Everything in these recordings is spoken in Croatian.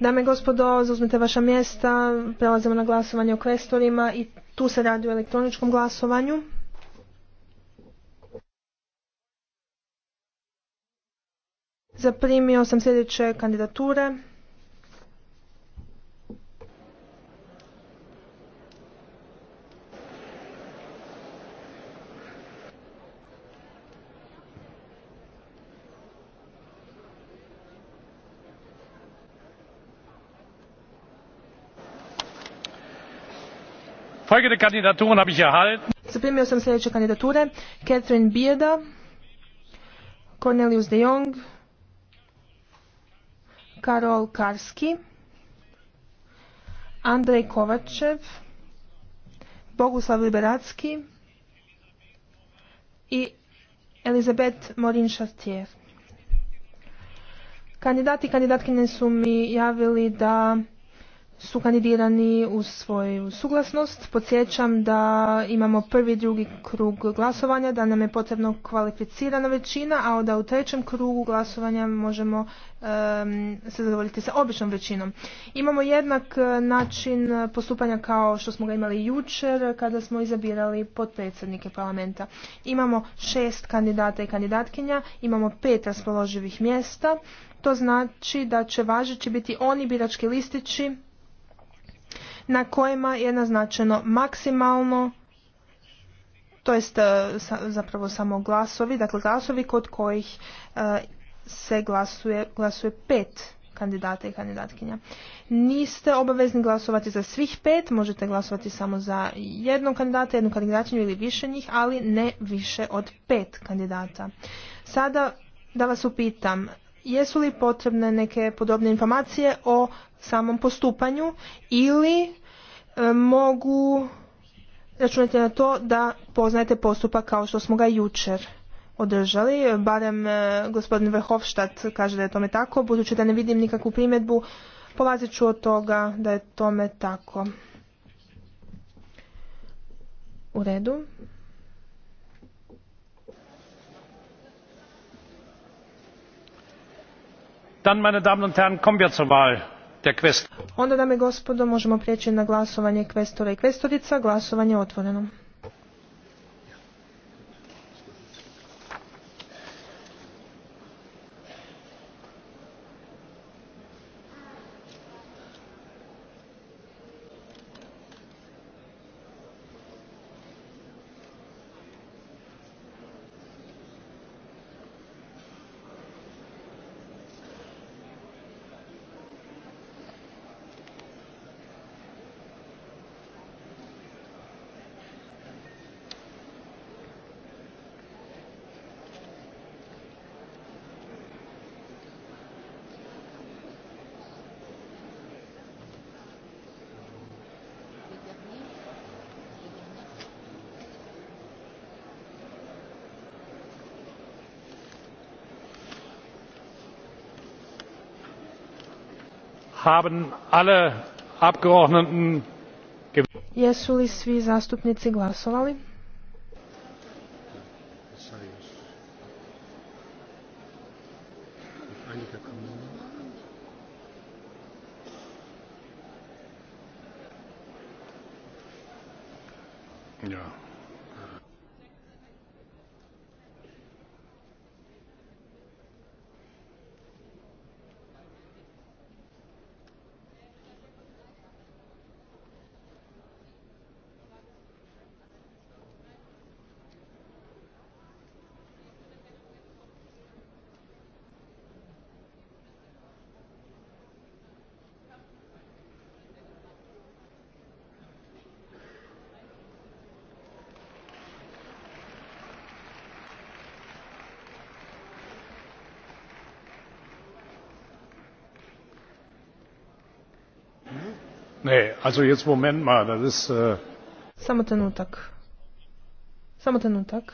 Dame i gospodo, zauzmite vaša mjesta, prelazimo na glasovanje o kvestorima i tu se radi o elektroničkom glasovanju. Zaprimio sam sljedeće kandidature. folgende kandidaturen habe ich erhalten zaprimio sam sljedeće kandidature Catherine Bieda Cornelius de Jong Karol Karski Andrej Kovačev Boguslav Liberacki i Elizabeth Morin Chartier. Kandidati i kandidatkinje su mi javili da su kandidirani u svoju suglasnost. Podsjećam da imamo prvi i drugi krug glasovanja, da nam je potrebno kvalificirana većina, a da u trećem krugu glasovanja možemo se zadovoljiti sa običnom većinom. Imamo jednak e, način postupanja kao što smo ga imali jučer kada smo izabirali potpredsjednike parlamenta. Imamo šest kandidata i kandidatkinja, imamo pet raspoloživih mjesta. To znači da će važeći biti oni birački listići na kojima je naznačeno maksimalno to jest e, zapravo samo glasovi, dakle glasovi kod kojih e, se glasuje, glasuje pet kandidata i kandidatkinja. Niste obavezni glasovati za svih pet, možete glasovati samo za jednog kandidata, jednu kandidatkinju ili više njih, ali ne više od pet kandidata. Sada da vas upitam, jesu li potrebne neke podobne informacije o samom postupanju ili E, mogu računati na to da poznajete postupak kao što smo ga jučer održali. Barem e, gospodin Verhofstadt kaže da je tome tako, budući da ne vidim nikakvu primjedbu, polazit ću od toga da je tome tako. U redu. Dann, meine Damen und Herren, kommen wir zur Wahl der Quest. Onda, dame i gospodo, možemo prijeći na glasovanje kvestora i kvestorica. Glasovanje je otvoreno. haben alle abgeordneten jesu svi zastupnici glasovali ja. Äh, Samo trenutak. Samo trenutak.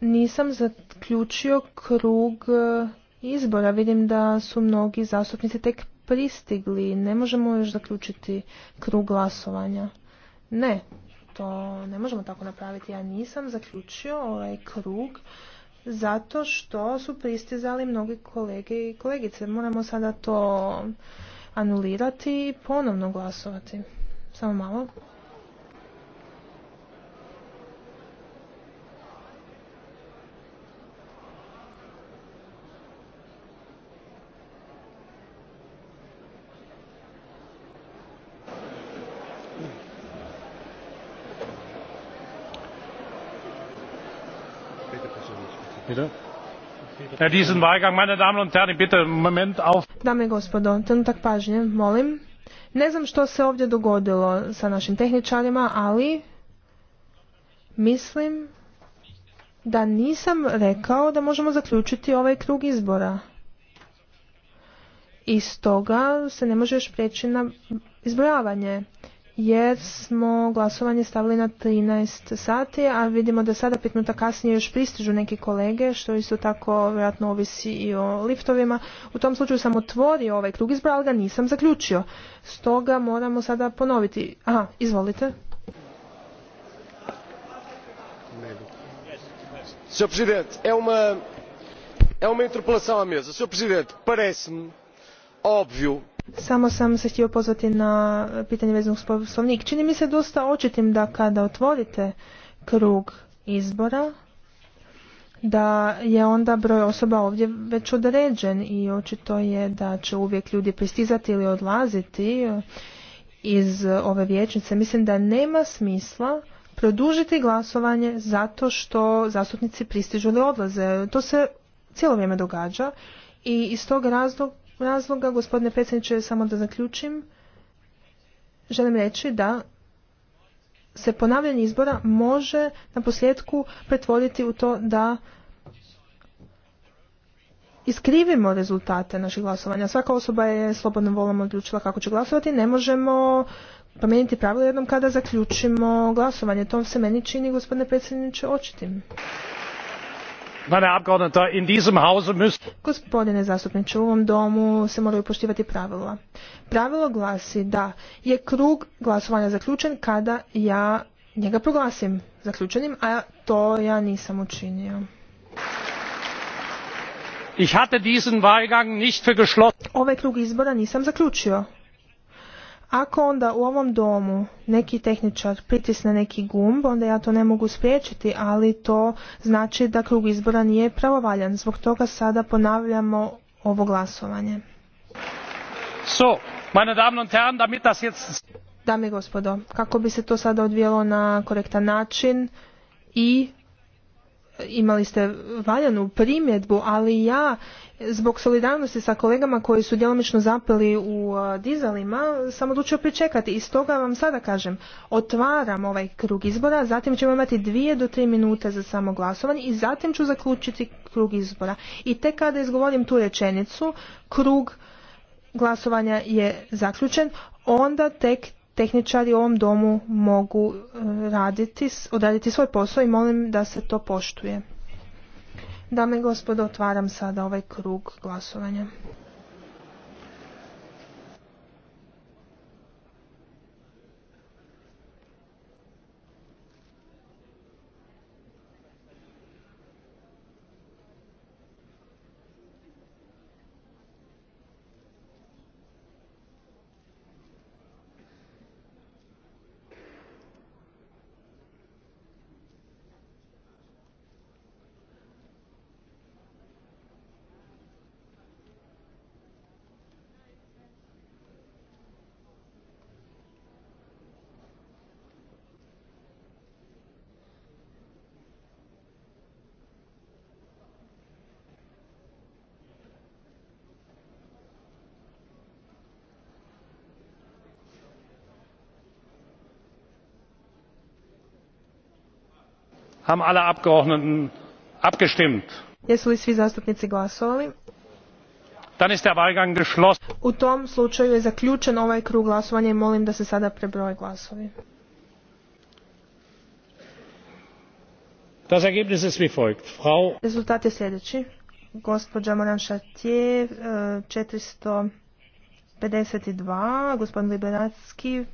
Nisam zaključio krug e, izbora. Vidim da su mnogi zastupnici tek pristigli. Ne možemo još zaključiti krug glasovanja. Ne, to ne možemo tako napraviti. Ja nisam zaključio ovaj krug zato što su pristizali mnogi kolege i kolegice. Moramo sada to anulirati i ponovno glasovati. Samo malo. Dame i gospodo, trenutak pažnje, molim. Ne znam što se ovdje dogodilo sa našim tehničarima, ali mislim da nisam rekao da možemo zaključiti ovaj krug izbora. I stoga se ne može još prijeći na izbrojavanje jer smo glasovanje stavili na 13 sati, a vidimo da sada pet minuta kasnije još pristižu neki kolege, što isto tako vjerojatno ovisi i o liftovima. U tom slučaju sam otvorio ovaj krug izbora, ali ga nisam zaključio. Stoga moramo sada ponoviti. Aha, izvolite. Sr. prezident, é uma, é uma interpelação à mesa. Sr. Presidente, parece-me óbvio samo sam se htio pozvati na pitanje veznog poslovnik. Čini mi se dosta očitim da kada otvorite krug izbora, da je onda broj osoba ovdje već određen i očito je da će uvijek ljudi pristizati ili odlaziti iz ove vijećnice. Mislim da nema smisla produžiti glasovanje zato što zastupnici pristižu ili odlaze. To se cijelo vrijeme događa i iz tog razloga razloga, gospodine predsjedniče, samo da zaključim, želim reći da se ponavljanje izbora može na posljedku pretvoriti u to da iskrivimo rezultate naših glasovanja. Svaka osoba je slobodnom volom odlučila kako će glasovati. Ne možemo promijeniti pravilo jednom kada zaključimo glasovanje. To se meni čini, gospodine predsjedniče, očitim. Gospodine zastupniče, u ovom domu se moraju poštivati pravila. Pravilo glasi da je krug glasovanja zaključen kada ja njega proglasim zaključenim, a to ja nisam učinio. Ovaj krug izbora nisam zaključio. Ako onda u ovom domu neki tehničar pritisne neki gumb, onda ja to ne mogu spriječiti, ali to znači da krug izbora nije pravovaljan. Zbog toga sada ponavljamo ovo glasovanje. So, meine Damen und Herren, damit das jetzt... Dame i gospodo, kako bi se to sada odvijelo na korektan način i imali ste valjanu primjedbu, ali ja zbog solidarnosti sa kolegama koji su djelomično zapeli u e, dizalima, sam odlučio pričekati i stoga vam sada kažem otvaram ovaj krug izbora zatim ćemo imati dvije do tri minute za samo glasovanje i zatim ću zaključiti krug izbora i tek kada izgovorim tu rečenicu krug glasovanja je zaključen onda tek tehničari u ovom domu mogu e, raditi, odraditi svoj posao i molim da se to poštuje. Dame i gospodo, otvaram sada ovaj krug glasovanja. haben alle abgeordneten abgestimmt? jesu li svi zastupnici glasovali? dann ist der wahlgang geschlossen. u tom slučaju je zaključen ovaj krug glasovanja i molim da se sada prebroje glasovi. Das Ergebnis ist wie folgt. Frau Rezultat je sljedeći. Gospođa Moran Šatje 452, eh, gospodin Liberacki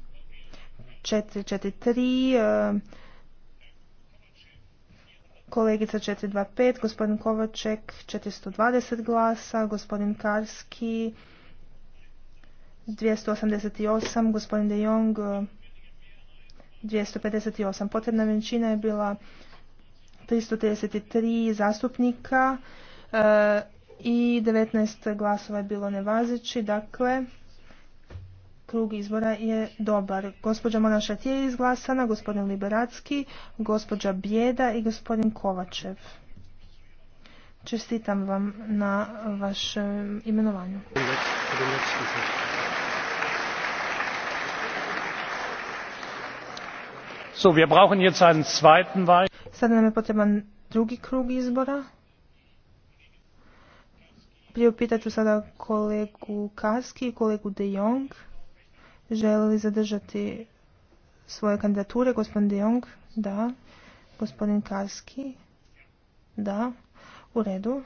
443, kolegica 425, gospodin Kovaček 420 glasa, gospodin Karski 288, gospodin De Jong 258. Potrebna većina je bila 333 zastupnika e, i 19 glasova je bilo nevazeći, dakle krug izbora je dobar. Gospođa Monašat je izglasana, gospodin Liberacki, gospođa Bjeda i gospodin Kovačev. Čestitam vam na vašem imenovanju. So, wir brauchen jetzt einen zweiten Wahl. Sada nam je potreban drugi krug izbora. Priopitaću ću sada kolegu Kaski i kolegu De želi zadržati svoje kandidature. Gospodin De Jong, da. Gospodin Karski, da. U redu.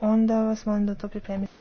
Onda vas molim da to pripremite.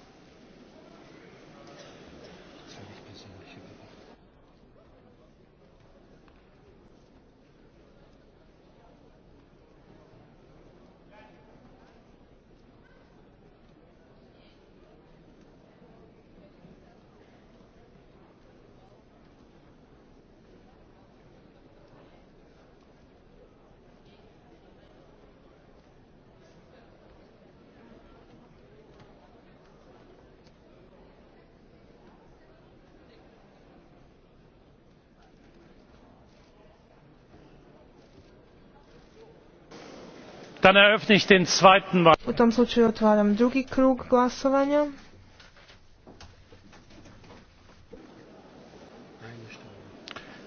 Dann eröffne ich den zweiten U otvaram drugi krug glasovanja.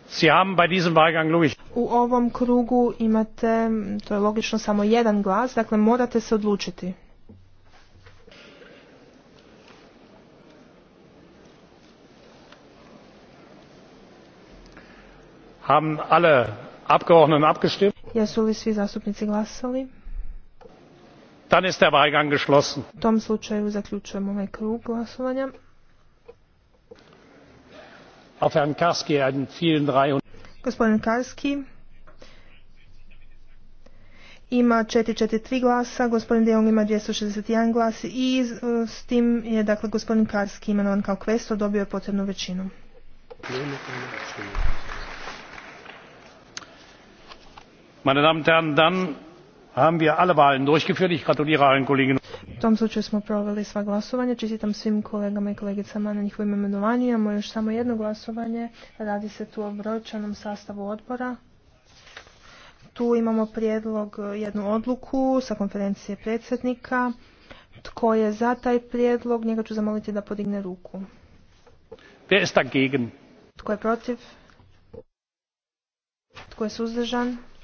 Sie haben bei diesem Wahlgang logisch. U ovom krugu imate, to je logično, samo jedan glas, dakle morate se odlučiti. Haben alle Abgeordneten abgestimmt? Jesu li svi zastupnici glasali? dann ist der Wahlgang geschlossen. U tom slučaju ovaj krug glasovanja. Auf Herrn Karski einen vielen Gospodin Karski ima 443 glasa, gospodin De Jong ima 261 glas i e, s tim je dakle gospodin Karski imenovan kao kvesto, dobio je potrebnu većinu. Meine Damen und Herren, dann haben wir alle Wahlen durchgeführt. gratuliere allen U tom slučaju smo proveli sva glasovanja. Čestitam svim kolegama i kolegicama na njihovim imenovanjima. Imamo još samo jedno glasovanje. Radi se tu o brojčanom sastavu odbora. Tu imamo prijedlog, eh, jednu odluku sa konferencije predsjednika. Tko je za taj prijedlog? Njega ću zamoliti da podigne ruku. Tko je protiv? Tko je suzdržan?